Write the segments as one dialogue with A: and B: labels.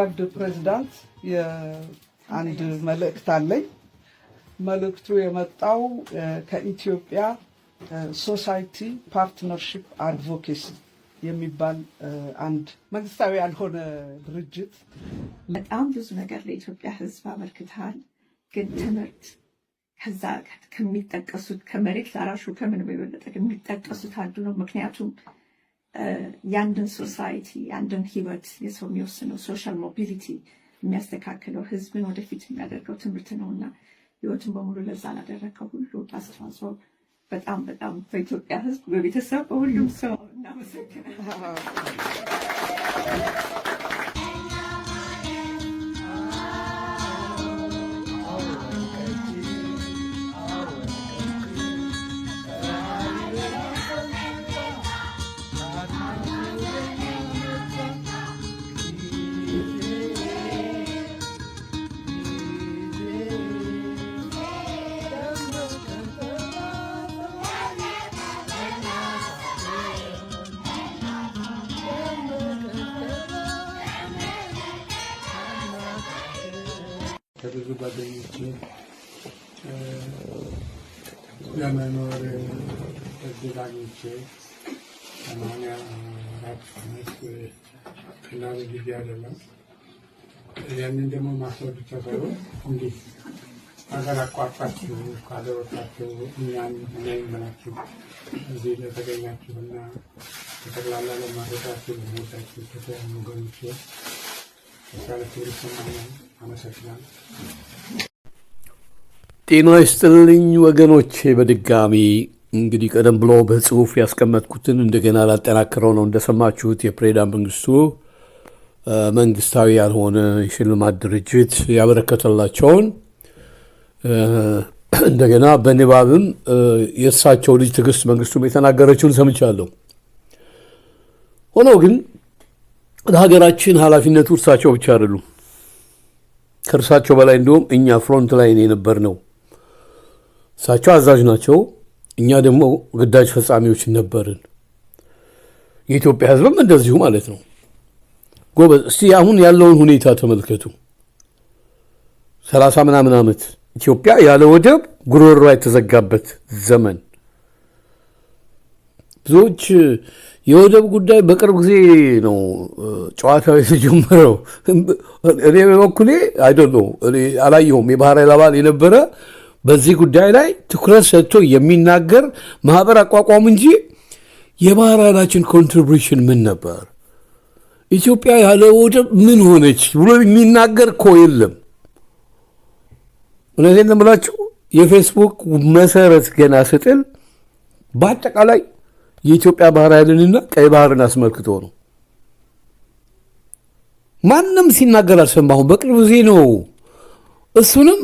A: ወርድ ፕሬዚዳንት አንድ መልእክት አለኝ። መልእክቱ የመጣው ከኢትዮጵያ ሶሳይቲ ፓርትነርሽፕ አድቮኬሲ የሚባል አንድ መንግስታዊ ያልሆነ ድርጅት።
B: በጣም ብዙ ነገር ለኢትዮጵያ ሕዝብ አበርክተሃል። ግን ትምህርት ከዛ ከሚጠቀሱት ከመሬት ላራሹ ከምንም የበለጠ ከሚጠቀሱት አንዱ ነው። ምክንያቱም የአንድን ሶሳይቲ የአንድን ህይወት የሰው የሚወስነው ሶሻል ሞቢሊቲ የሚያስተካክለው ህዝብን ወደፊት የሚያደርገው ትምህርት ነው እና ህይወትን በሙሉ ለዛ ላደረገው ሁሉ አስተዋጽኦ በጣም በጣም በኢትዮጵያ ህዝብ፣ በቤተሰብ፣ በሁሉም ሰው እናመሰግናለን።
C: ከብዙ ጓደኞች ለመኖር እድል አግኝቼ ሰማንያ አራት ዓመት ቀላል ጊዜ አይደለም። ያንን ደግሞ ማስረዱ ተሰሩ እንዲህ ሀገር አቋርጣችሁ ከሀገር እኛን እኛም እኔም እዚህ ለተገኛችሁና በጠቅላላ ለማድረጋችሁ ለሞዳችሁ ተተያኑ ወገኖቼ ተሳለ ትብሪ ሰማኛ
D: ጤና ይስጥልኝ ወገኖቼ። በድጋሚ እንግዲህ ቀደም ብሎ በጽሁፍ ያስቀመጥኩትን እንደገና ላጠናክረው ነው። እንደሰማችሁት የፕሬዝዳንት መንግስቱ መንግስታዊ ያልሆነ የሽልማት ድርጅት ያበረከተላቸውን እንደገና በንባብም የእሳቸው ልጅ ትዕግስት መንግስቱም የተናገረችውን ሰምቻለሁ። ሆኖ ግን ለሀገራችን ኃላፊነቱ እርሳቸው ብቻ አይደሉም። ከእርሳቸው በላይ እንዲሁም እኛ ፍሮንት ላይ የነበር ነው። እሳቸው አዛዥ ናቸው፣ እኛ ደግሞ ግዳጅ ፈጻሚዎች ነበርን። የኢትዮጵያ ሕዝብም እንደዚሁ ማለት ነው። ጎበዝ እስቲ አሁን ያለውን ሁኔታ ተመልከቱ። ሰላሳ ምናምን ዓመት ኢትዮጵያ ያለ ወደብ ጉሮሯ የተዘጋበት ዘመን ብዙዎች የወደብ ጉዳይ በቅርብ ጊዜ ነው ጨዋታው የተጀመረው። እኔ በበኩሌ አይዶ አላየሁም። የባህር ኃይል አባል የነበረ በዚህ ጉዳይ ላይ ትኩረት ሰጥቶ የሚናገር ማህበር አቋቋም እንጂ የባህር ኃይላችን ኮንትሪቢሽን ምን ነበር፣ ኢትዮጵያ ያለ ወደብ ምን ሆነች ብሎ የሚናገር እኮ የለም። እውነቴን ነው የምላችሁ የፌስቡክ መሰረት ገና ስጥል በአጠቃላይ የኢትዮጵያ ባህር ኃይልንና ቀይ ባህርን አስመልክቶ ነው። ማንም ሲናገር አልሰማሁም። በቅርብ ጊዜ ነው እሱንም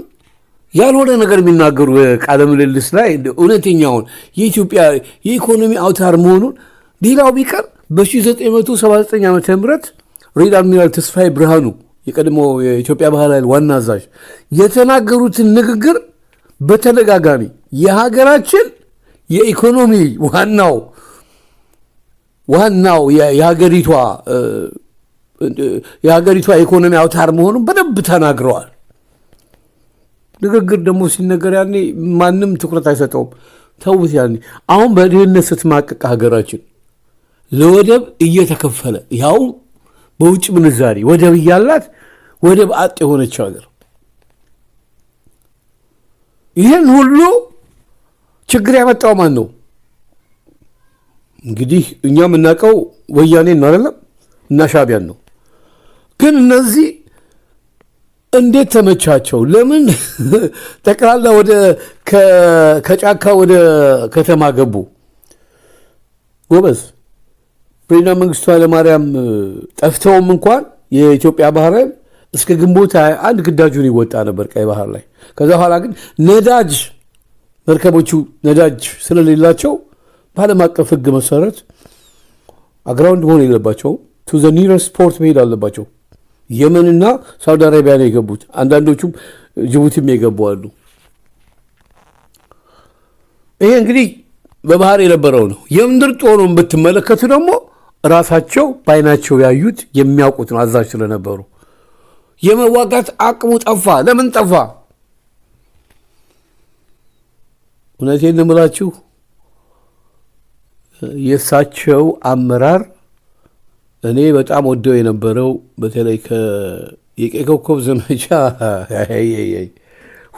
D: ያልሆነ ነገር የሚናገሩ ቃለ ምልልስ ላይ እውነተኛውን የኢትዮጵያ የኢኮኖሚ አውታር መሆኑን ሌላው ቢቀር በ1979 ዓ ም ሬድ አድሚራል ተስፋዬ ብርሃኑ የቀድሞ የኢትዮጵያ ባህር ኃይል ዋና አዛዥ የተናገሩትን ንግግር በተደጋጋሚ የሀገራችን የኢኮኖሚ ዋናው ዋናው የሀገሪቷ የሀገሪቷ ኢኮኖሚ አውታር መሆኑን በደንብ ተናግረዋል። ንግግር ደግሞ ሲነገር ያኔ ማንም ትኩረት አይሰጠውም። ተውት። ያኔ አሁን በድህነት ስትማቀቅ ሀገራችን ለወደብ እየተከፈለ ያው በውጭ ምንዛሪ ወደብ እያላት ወደብ አጥ የሆነች ሀገር ይህን ሁሉ ችግር ያመጣው ማን ነው? እንግዲህ እኛ የምናውቀው ወያኔን ነው አይደለም፣ እና ሻቢያን ነው። ግን እነዚህ እንዴት ተመቻቸው? ለምን ጠቅላላ ወደ ከጫካ ወደ ከተማ ገቡ? ጎበዝ ፕሬዚዳንት መንግስቱ ኃይለማርያም ጠፍተውም እንኳን የኢትዮጵያ ባህር ኃይል እስከ ግንቦት አንድ ግዳጁን ይወጣ ነበር ቀይ ባህር ላይ። ከዛ በኋላ ግን ነዳጅ መርከቦቹ ነዳጅ ስለሌላቸው በዓለም አቀፍ ህግ መሰረት አግራውንድ መሆን የለባቸው ቱ ዘ ኒረስት ፖርት መሄድ አለባቸው። የመንና ሳውዲ አረቢያ ነው የገቡት። አንዳንዶቹም ጅቡቲም የገቡ አሉ። ይሄ እንግዲህ በባህር የነበረው ነው። የምድር ጦሩን ብትመለከቱ ደግሞ ራሳቸው በአይናቸው ያዩት የሚያውቁት ነው። አዛዥ ስለነበሩ የመዋጋት አቅሙ ጠፋ። ለምን ጠፋ? እውነቴን እምላችሁ የእሳቸው አመራር እኔ በጣም ወደው የነበረው በተለይ የቀይ ኮከብ ዘመቻ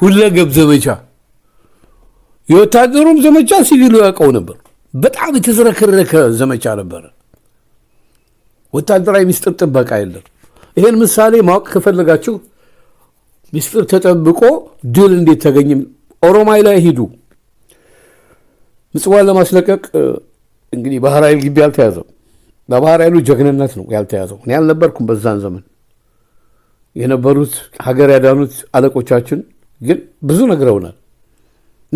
D: ሁለገብ ዘመቻ የወታደሩም ዘመቻ ሲቪሉ ያውቀው ነበር። በጣም የተዝረከረከ ዘመቻ ነበረ። ወታደራዊ ሚስጥር ጥበቃ የለም። ይሄን ምሳሌ ማወቅ ከፈለጋችሁ ሚስጥር ተጠብቆ ድል እንዴት ተገኝም ኦሮማይ ላይ ሂዱ። ምጽዋን ለማስለቀቅ እንግዲህ ባህር ኃይል ግቢ አልተያዘም። በባህር ኃይሉ ጀግንነት ነው ያልተያዘው። እኔ አልነበርኩም በዛን ዘመን የነበሩት ሀገር ያዳኑት አለቆቻችን ግን ብዙ ነግረውናል።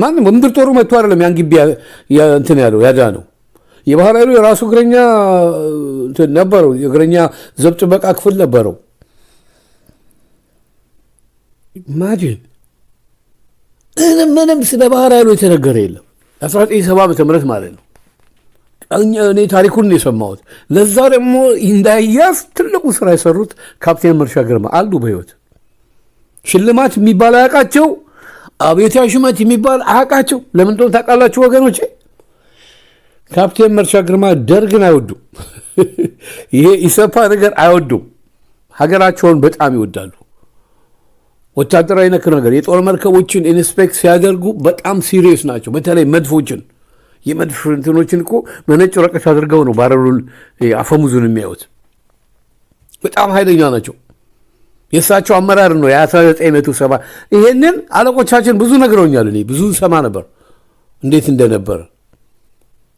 D: ማንም በምድር ጦሩ መጥቶ አይደለም ያን ግቢ እንትን ያለው ያዳነው። የባህር ኃይሉ የራሱ እግረኛ ነበረው፣ የእግረኛ ዘብ ጥበቃ ክፍል ነበረው። ኢማጂን ምንም ምንም ስለ ባህር ኃይሉ የተነገረ የለም። 1970 ዓ.ም ማለት ነው። እኔ ታሪኩን ነው የሰማሁት። ለዛ ደግሞ እንዳያዝ ትልቁ ስራ የሰሩት ካፕቴን መርሻ ግርማ አሉ በህይወት ሽልማት የሚባል አያውቃቸው፣ አብዮታዊ ሹመት የሚባል አያውቃቸው። ለምን እንደሆነ ታውቃላችሁ ወገኖቼ? ካፕቴን መርሻ ግርማ ደርግን አይወዱም። ይሄ ኢሰፓ ነገር አይወዱም። ሀገራቸውን በጣም ይወዳሉ። ወታደራዊ ነክር ነገር የጦር መርከቦችን ኢንስፔክት ሲያደርጉ በጣም ሲሪየስ ናቸው። በተለይ መድፎችን የመድፍ እንትኖችን እኮ መነጭ ወረቀት አድርገው ነው ባረሩን አፈሙዙን የሚያዩት። በጣም ኃይለኛ ናቸው። የእሳቸው አመራር ነው የ ሰባ ይሄንን አለቆቻችን ብዙ ነግረውኛል። እኔ ብዙ ሰማ ነበር እንዴት እንደነበር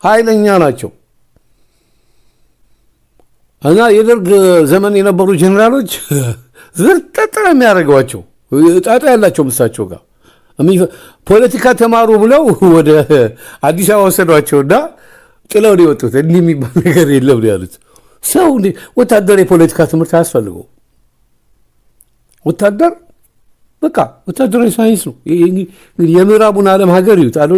D: ኃይለኛ ናቸው። እና የደርግ ዘመን የነበሩ ጀኔራሎች ዝርጠጠ የሚያደርገዋቸው ጣጣ ያላቸውም እሳቸው ጋር ፖለቲካ ተማሩ ብለው ወደ አዲስ አበባ ወሰዷቸውና ጥለው ነው የወጡት። እንዲህ የሚባል ነገር የለም ነው ያሉት። ሰው ወታደር የፖለቲካ ትምህርት አያስፈልገው። ወታደር በቃ ወታደራዊ ሳይንስ ነው። የምዕራቡን ዓለም ሀገር ይዩት አሉ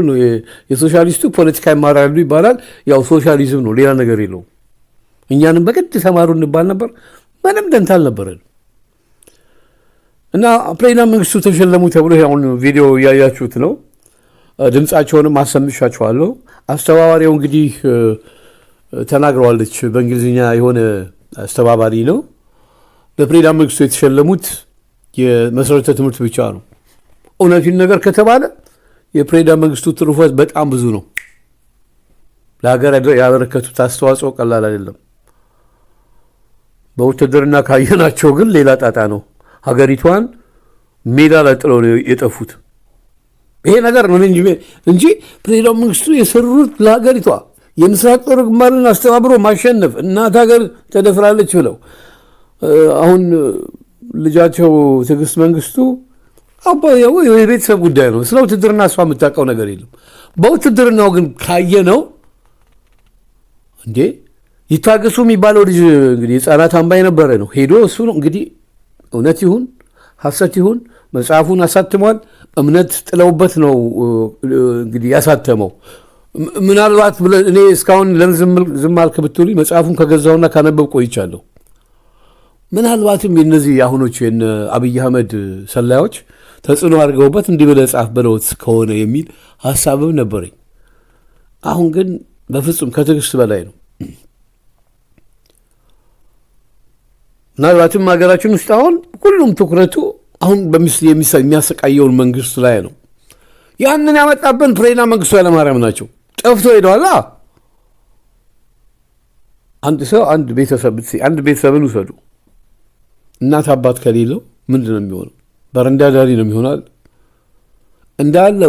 D: የሶሻሊስቱ ፖለቲካ ይማራሉ ይባላል። ያው ሶሻሊዝም ነው፣ ሌላ ነገር የለውም። እኛንም በቅድ ተማሩ እንባል ነበር። ምንም ደንታ አልነበረን። እና ፕሌና መንግስቱ ተሸለሙ ተብሎ አሁን ቪዲዮ እያያችሁት ነው። ድምፃቸውንም አሰምሻችኋለሁ። አስተባባሪው እንግዲህ ተናግረዋለች። በእንግሊዝኛ የሆነ አስተባባሪ ነው። በፕሌና መንግስቱ የተሸለሙት የመሰረተ ትምህርት ብቻ ነው። እውነቱን ነገር ከተባለ የፕሬዳ መንግስቱ ትሩፈት በጣም ብዙ ነው። ለሀገር ያበረከቱት አስተዋጽኦ ቀላል አይደለም። በውትድርና ካየናቸው ግን ሌላ ጣጣ ነው። ሀገሪቷን ሜዳ ላይ ጥለው ነው የጠፉት። ይሄ ነገር ነው እንጂ ፕሬዚዳንት መንግስቱ የሰሩት ለሀገሪቷ የምስራቅ ጦር ግንባርን አስተባብሮ ማሸነፍ እናት ሀገር ተደፍራለች ብለው አሁን ልጃቸው ትዕግስት መንግስቱ የቤተሰብ ጉዳይ ነው። ስለ ውትድርና እሷ የምታውቀው ነገር የለም። በውትድርናው ግን ካየ ነው እንዴ ይታገሱ የሚባለው ልጅ እንግዲህ ህጻናት አምባይ ነበረ ነው ሄዶ እሱ ነው እንግዲህ እውነት ይሁን ሐሰት ይሁን መጽሐፉን አሳትሟል። እምነት ጥለውበት ነው እንግዲህ ያሳተመው። ምናልባት እኔ እስካሁን ለምን ዝም አልክ ብትሉኝ መጽሐፉን ከገዛውና ካነበብ ቆይቻለሁ። ምናልባትም የነዚህ የአሁኖቹ የነ አብይ አህመድ ሰላዮች ተጽዕኖ አድርገውበት እንዲህ ብለህ ጻፍ ብለውት ከሆነ የሚል ሀሳብም ነበረኝ። አሁን ግን በፍጹም ከትዕግስት በላይ ነው። ምናልባትም ሀገራችን ውስጥ አሁን ሁሉም ትኩረቱ አሁን በምስል የሚያሰቃየውን መንግስት ላይ ነው። ያንን ያመጣብን ፍሬና መንግስቱ ኃይለማርያም ናቸው። ጠፍቶ ሄደዋላ። አንድ ሰው አንድ ቤተሰብ አንድ ቤተሰብን ውሰዱ። እናት አባት ከሌለው ምንድን ነው የሚሆነው? በረንዳ ዳሪ ነው የሚሆናል። እንዳለ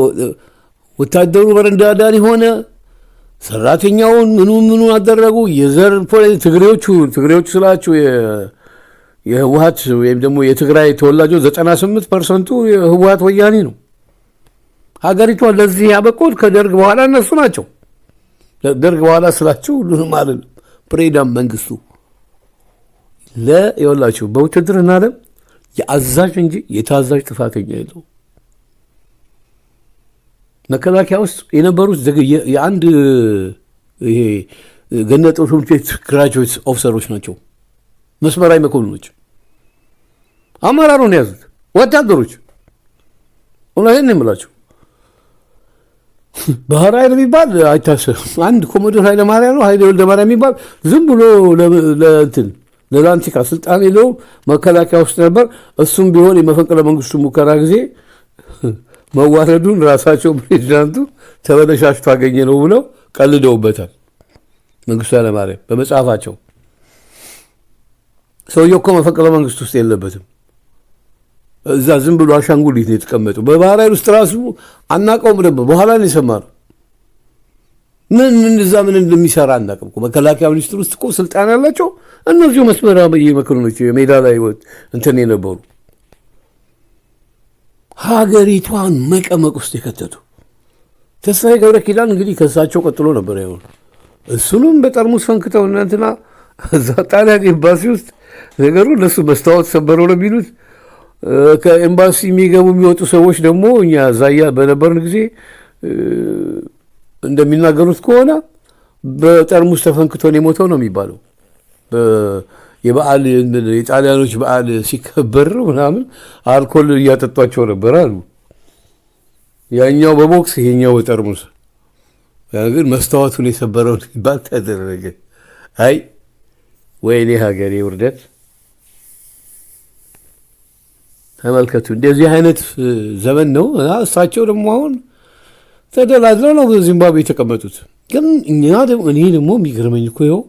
D: ወታደሩ በረንዳ ዳሪ ሆነ። ሰራተኛውን ምኑ ምኑ አደረጉ። የዘር ትግሬዎቹ ትግሬዎቹ ስላችሁ የህወሀት ወይም ደግሞ የትግራይ ተወላጆች 98 ፐርሰንቱ የህወሀት ወያኔ ነው። ሀገሪቷ ለዚህ ያበቁት ከደርግ በኋላ እነሱ ናቸው። ደርግ በኋላ ስላቸው ሁሉንም አይደለም። ፕሬዳም መንግስቱ ለየወላችሁ በውትድርና ዓለም የአዛዥ እንጂ የታዛዥ ጥፋተኛ የለው። መከላከያ ውስጥ የነበሩት የአንድ ይሄ ገነጦ ትምህርት ቤት ግራጁዌት ኦፊሰሮች ናቸው። መስመራዊ መኮንኖች አመራሩን የያዙት ወታደሮች እውነቴን የምላቸው ባህር ኃይል የሚባል አይታሰብም። አንድ ኮሞዶር ኃይለ ማርያም ነው ኃይለ ወልደ ማርያም የሚባል ዝም ብሎ ለእንትን ለላንቲካ ስልጣን የለውም መከላከያ ውስጥ ነበር። እሱም ቢሆን የመፈንቅለ መንግስቱ ሙከራ ጊዜ መዋረዱን ራሳቸው ፕሬዚዳንቱ ተበለሻሽቶ አገኘ ነው ብለው ቀልደውበታል። መንግስቱ ኃይለ ማርያም በመጽሐፋቸው ሰውየው እኮ መፈንቅለ መንግስት ውስጥ የለበትም። እዛ ዝም ብሎ አሻንጉሊት ነው የተቀመጡ። በባህር ኃይል ውስጥ ራሱ አናቀውም ነበር። በኋላ ነው የሰማር ምን እዛ ምን እንደሚሰራ አናቅም። መከላከያ ሚኒስትር ውስጥ እኮ ስልጣን ያላቸው እነዚሁ መስመራ መኮንኖች የሜዳ ላይ እንትን የነበሩ ሀገሪቷን መቀመቅ ውስጥ የከተቱ ተስፋዬ ገብረ ኪዳን እንግዲህ ከእሳቸው ቀጥሎ ነበር ያሆኑ እሱንም በጠርሙስ ፈንክተው እናንትና እዛ ጣሊያን ኤምባሲ ውስጥ ነገሩ እነሱ መስታወት ሰበረው ነው የሚሉት ከኤምባሲ የሚገቡ የሚወጡ ሰዎች ደግሞ እኛ ዛያ በነበርን ጊዜ እንደሚናገሩት ከሆነ በጠርሙስ ተፈንክቶን የሞተው ነው የሚባለው። የበዓል የጣሊያኖች በዓል ሲከበር ምናምን አልኮል እያጠጧቸው ነበር አሉ። ያኛው በቦክስ ይሄኛው በጠርሙስ ግን መስታወቱን የሰበረው ይባል ተደረገ። አይ ወይኔ ሀገሬ ውርደት! ተመልከቱ። እንደዚህ አይነት ዘመን ነው እና እሳቸው ደግሞ አሁን ተደላድለው ነው ዚምባብዌ የተቀመጡት። ግን እኛ እኔ ደግሞ የሚገርመኝ እኮ ይኸው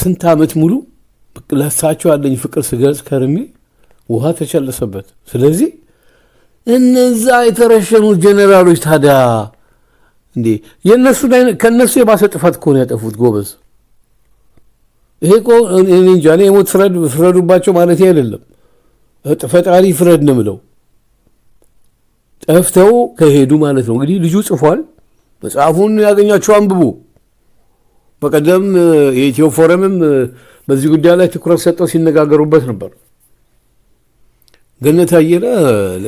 D: ስንት ዓመት ሙሉ ለእሳቸው ያለኝ ፍቅር ስገልጽ ከርሜ ውሃ ተጨለሰበት። ስለዚህ እነዛ የተረሸኑት ጀኔራሎች ታዲያ እንዴ ከእነሱ የባሰ ጥፋት ከሆነ ያጠፉት ጎበዝ። ይሄ እኔ እንጃ የሞት ፍረዱባቸው ማለት አይደለም። ፈጣሪ ፍረድ ነው ምለው ጠፍተው ከሄዱ ማለት ነው። እንግዲህ ልጁ ጽፏል። መጽሐፉን ያገኛችሁ አንብቡ። በቀደም የኢትዮ ፎረምም በዚህ ጉዳይ ላይ ትኩረት ሰጠው ሲነጋገሩበት ነበር። ገነት አየለ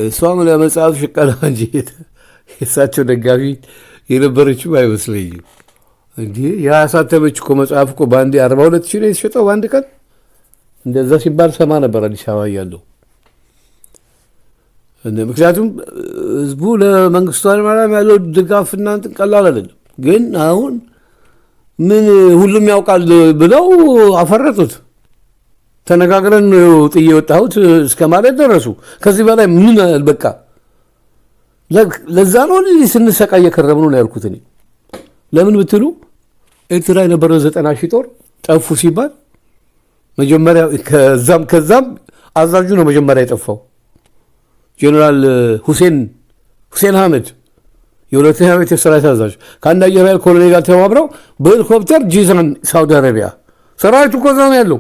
D: እሷም ለመጽሐፍ ሽቀላ እንጂ የእሳቸው ደጋፊ የነበረችው አይመስለኝም። እንዲህ ያሳተመች እኮ መጽሐፍ እኮ በአንድ አርባ ሁለት ሺህ ነው የተሸጠው በአንድ ቀን። እንደዛ ሲባል ሰማ ነበር አዲስ አበባ ያለው ምክንያቱም ህዝቡ ለመንግስቱ ኃይለማርያም ያለው ድጋፍ እናንትን ቀላል አይደለም። ግን አሁን ምን ሁሉም ያውቃል ብለው አፈረጡት። ተነጋግረን ጥዬ የወጣሁት እስከ ማለት ደረሱ። ከዚህ በላይ ምን በቃ ለዛ ነው ስንሰቃይ የከረምነው ነው ያልኩት እኔ። ለምን ብትሉ ኤርትራ የነበረው ዘጠና ሺህ ጦር ጠፉ ሲባል መጀመሪያ ከዛም ከዛም አዛዡ ነው መጀመሪያ የጠፋው። ጀነራል ሁሴን ሁሴን አህመድ የሁለተኛ ቤት የሰራዊት አዛዥ ከአንድ አየር ኃይል ኮሎኔል ጋር ተባብረው በሄሊኮፕተር ጂዛን ሳውዲ አረቢያ ሰራዊቱ ኮዛን ያለው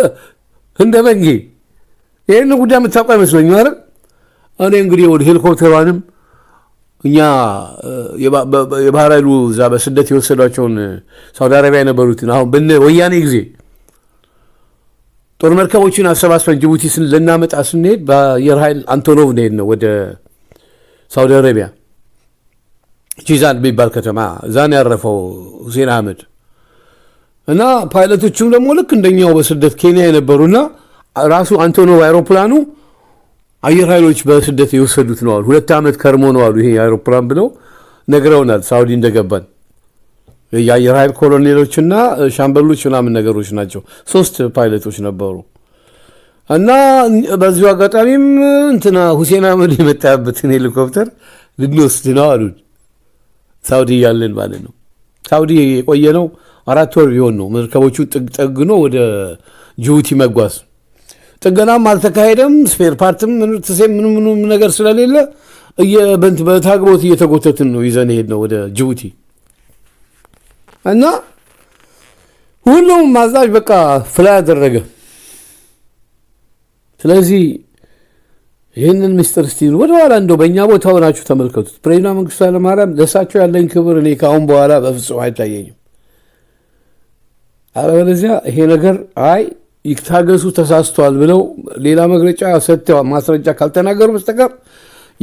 D: እንደ በንጌ። ይህን ጉዳይ የምታውቀ አይመስለኝ አረ እኔ እንግዲህ ወደ ሄሊኮፕተሯንም እኛ የባህር ኃይሉ እዛ በስደት የወሰዷቸውን ሳውዲ አረቢያ የነበሩትን አሁን ወያኔ ጊዜ ጦር መርከቦችን አሰባስበን ጅቡቲ ልናመጣ ስንሄድ በአየር ኃይል አንቶኖቭ እንሄድ ነው ወደ ሳውዲ አረቢያ ጂዛን የሚባል ከተማ እዛን ያረፈው ሁሴን አህመድ እና ፓይለቶቹም ደግሞ ልክ እንደኛው በስደት ኬንያ የነበሩና ራሱ አንቶኖቭ አይሮፕላኑ አየር ኃይሎች በስደት የወሰዱት ነው ሁለት ዓመት ከርሞ ነዋሉ ይሄ አይሮፕላን ብለው ነግረውናል ሳውዲ እንደገባን የአየር ኃይል ኮሎኔሎችና ሻምበሎች ምናምን ነገሮች ናቸው። ሶስት ፓይለቶች ነበሩ። እና በዚሁ አጋጣሚም እንትና ሁሴን አህመድ የመጣበትን ሄሊኮፕተር ልንወስድ ነው አሉን። ሳውዲ ያለን ማለት ነው። ሳውዲ የቆየ ነው አራት ወር ቢሆን ነው መርከቦቹ ጠግኖ ወደ ጅቡቲ መጓዝ። ጥገናም አልተካሄደም። ስፔር ፓርትም ትሴም ምንም ነገር ስለሌለ በታግቦት እየተጎተትን ነው ይዘን ሄድ ነው ወደ ጅቡቲ። እና ሁሉም አዛዥ በቃ ፍላይ አደረገ። ስለዚህ ይህንን ምስጢር እስቲ ወደኋላ እንደው በእኛ ቦታ ሆናችሁ ተመልከቱት። ፕሬዚዳንት መንግስቱ ኃይለማርያም ለእሳቸው ያለኝ ክብር እኔ ከአሁን በኋላ በፍጹም አይታየኝም። አለበለዚያ ይሄ ነገር አይ ይታገሱ ተሳስቷል ብለው ሌላ መግለጫ ሰጥተው ማስረጃ ካልተናገሩ በስተቀር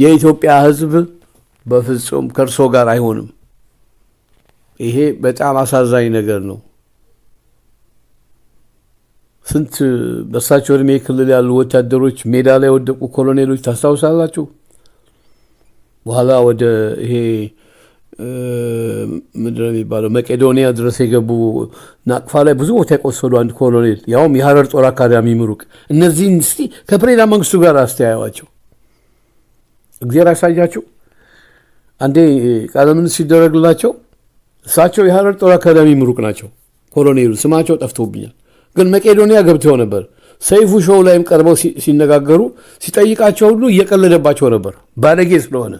D: የኢትዮጵያ ሕዝብ በፍጹም ከእርሶ ጋር አይሆንም። ይሄ በጣም አሳዛኝ ነገር ነው። ስንት በእሳቸው እድሜ ክልል ያሉ ወታደሮች ሜዳ ላይ የወደቁ ኮሎኔሎች ታስታውሳላችሁ? በኋላ ወደ ይሄ ምንድን ነው የሚባለው መቄዶኒያ ድረስ የገቡ ናቅፋ ላይ ብዙ ቦታ የቆሰሉ አንድ ኮሎኔል ያውም የሀረር ጦር አካዳሚ ምሩቅ። እነዚህን እስቲ ከፕሬዳ መንግስቱ ጋር አስተያዩዋቸው። እግዜር ያሳያቸው። አንዴ ቃለምን ሲደረግላቸው እሳቸው የሀረር ጦር አካዳሚ ምሩቅ ናቸው። ኮሎኔሉ ስማቸው ጠፍቶብኛል፣ ግን መቄዶንያ ገብተው ነበር። ሰይፉ ሾው ላይም ቀርበው ሲነጋገሩ ሲጠይቃቸው ሁሉ እየቀለደባቸው ነበር፣ ባለጌ ስለሆነ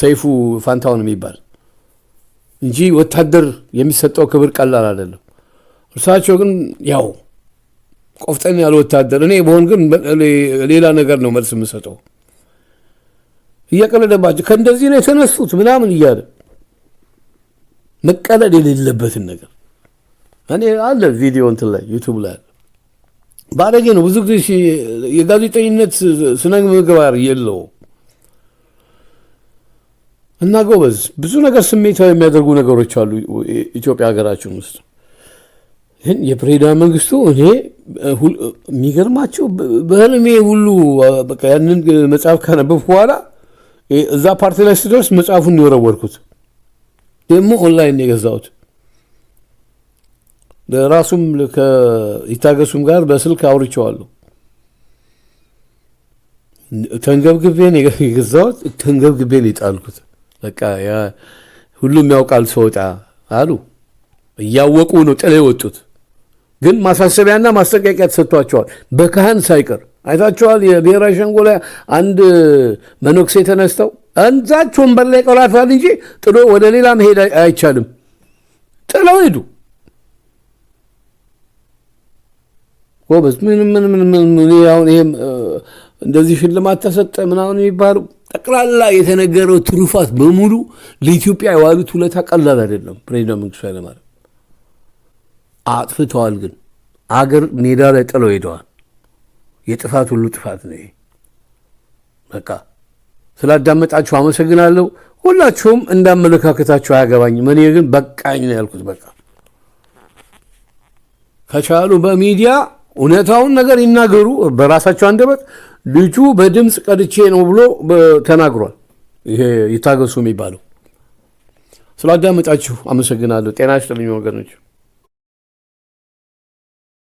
D: ሰይፉ ፋንታውን የሚባል እንጂ ወታደር የሚሰጠው ክብር ቀላል አይደለም። እርሳቸው ግን ያው ቆፍጠን ያለ ወታደር፣ እኔ በሆን ግን ሌላ ነገር ነው መልስ የምሰጠው። እየቀለደባቸው ከእንደዚህ ነው የተነሱት ምናምን እያለ መቀለድ የሌለበትን ነገር እኔ አለ ቪዲዮ እንትን ላይ ዩቱብ ላይ ባለጌ ነው። ብዙ ጊዜ የጋዜጠኝነት ስነ ምግባር የለው እና ጎበዝ፣ ብዙ ነገር ስሜታዊ የሚያደርጉ ነገሮች አሉ ኢትዮጵያ ሀገራችን ውስጥ። ግን የፕሬዚዳንት መንግስቱ እኔ የሚገርማቸው በህልሜ ሁሉ ያንን መጽሐፍ ካነበብኩ በኋላ እዛ ፓርቲ ላይ ስደርስ መጽሐፉን የወረወርኩት ደግሞ ኦንላይን የገዛሁት ራሱም ከይታገሱም ጋር በስልክ አውርቼዋለሁ። ተንገብግቤን የገዛሁት ተንገብግቤን የጣልኩት በቃ ሁሉም ያውቃል ሰወጣ አሉ። እያወቁ ነው ጥለ የወጡት። ግን ማሳሰቢያና ማስጠንቀቂያ ተሰጥቷቸዋል፣ በካህን ሳይቀር አይታቸዋል። የብሔራዊ ሸንጎ ላይ አንድ መነኩሴ ተነስተው አንዛች ወንበር ላይ ቀላፋል እንጂ ጥሎ ወደ ሌላ መሄድ አይቻልም። ጥለው ሄዱ። ጎበዝ ምንም ምንም እንደዚህ ሽልማት ተሰጠ ምናምን የሚባለው ጠቅላላ የተነገረው ትሩፋት በሙሉ ለኢትዮጵያ የዋሉት ውለታ ቀላል አይደለም። ፕሬዚዳንት መንግስቱ ኃይለማርያም አጥፍተዋል፣ ግን አገር ሜዳ ላይ ጥለው ሄደዋል። የጥፋት ሁሉ ጥፋት ነው ይሄ በቃ ስላዳመጣችሁ አመሰግናለሁ። ሁላችሁም እንዳመለካከታችሁ አያገባኝም። እኔ ግን በቃኝ ነው ያልኩት። በቃ ከቻሉ በሚዲያ እውነታውን ነገር ይናገሩ። በራሳቸው አንደበት ልጁ በድምፅ ቀድቼ ነው ብሎ ተናግሯል። ይሄ ይታገሱ የሚባለው ስላዳመጣችሁ አመሰግናለሁ። ጤና ይስጥልኝ ወገኖች።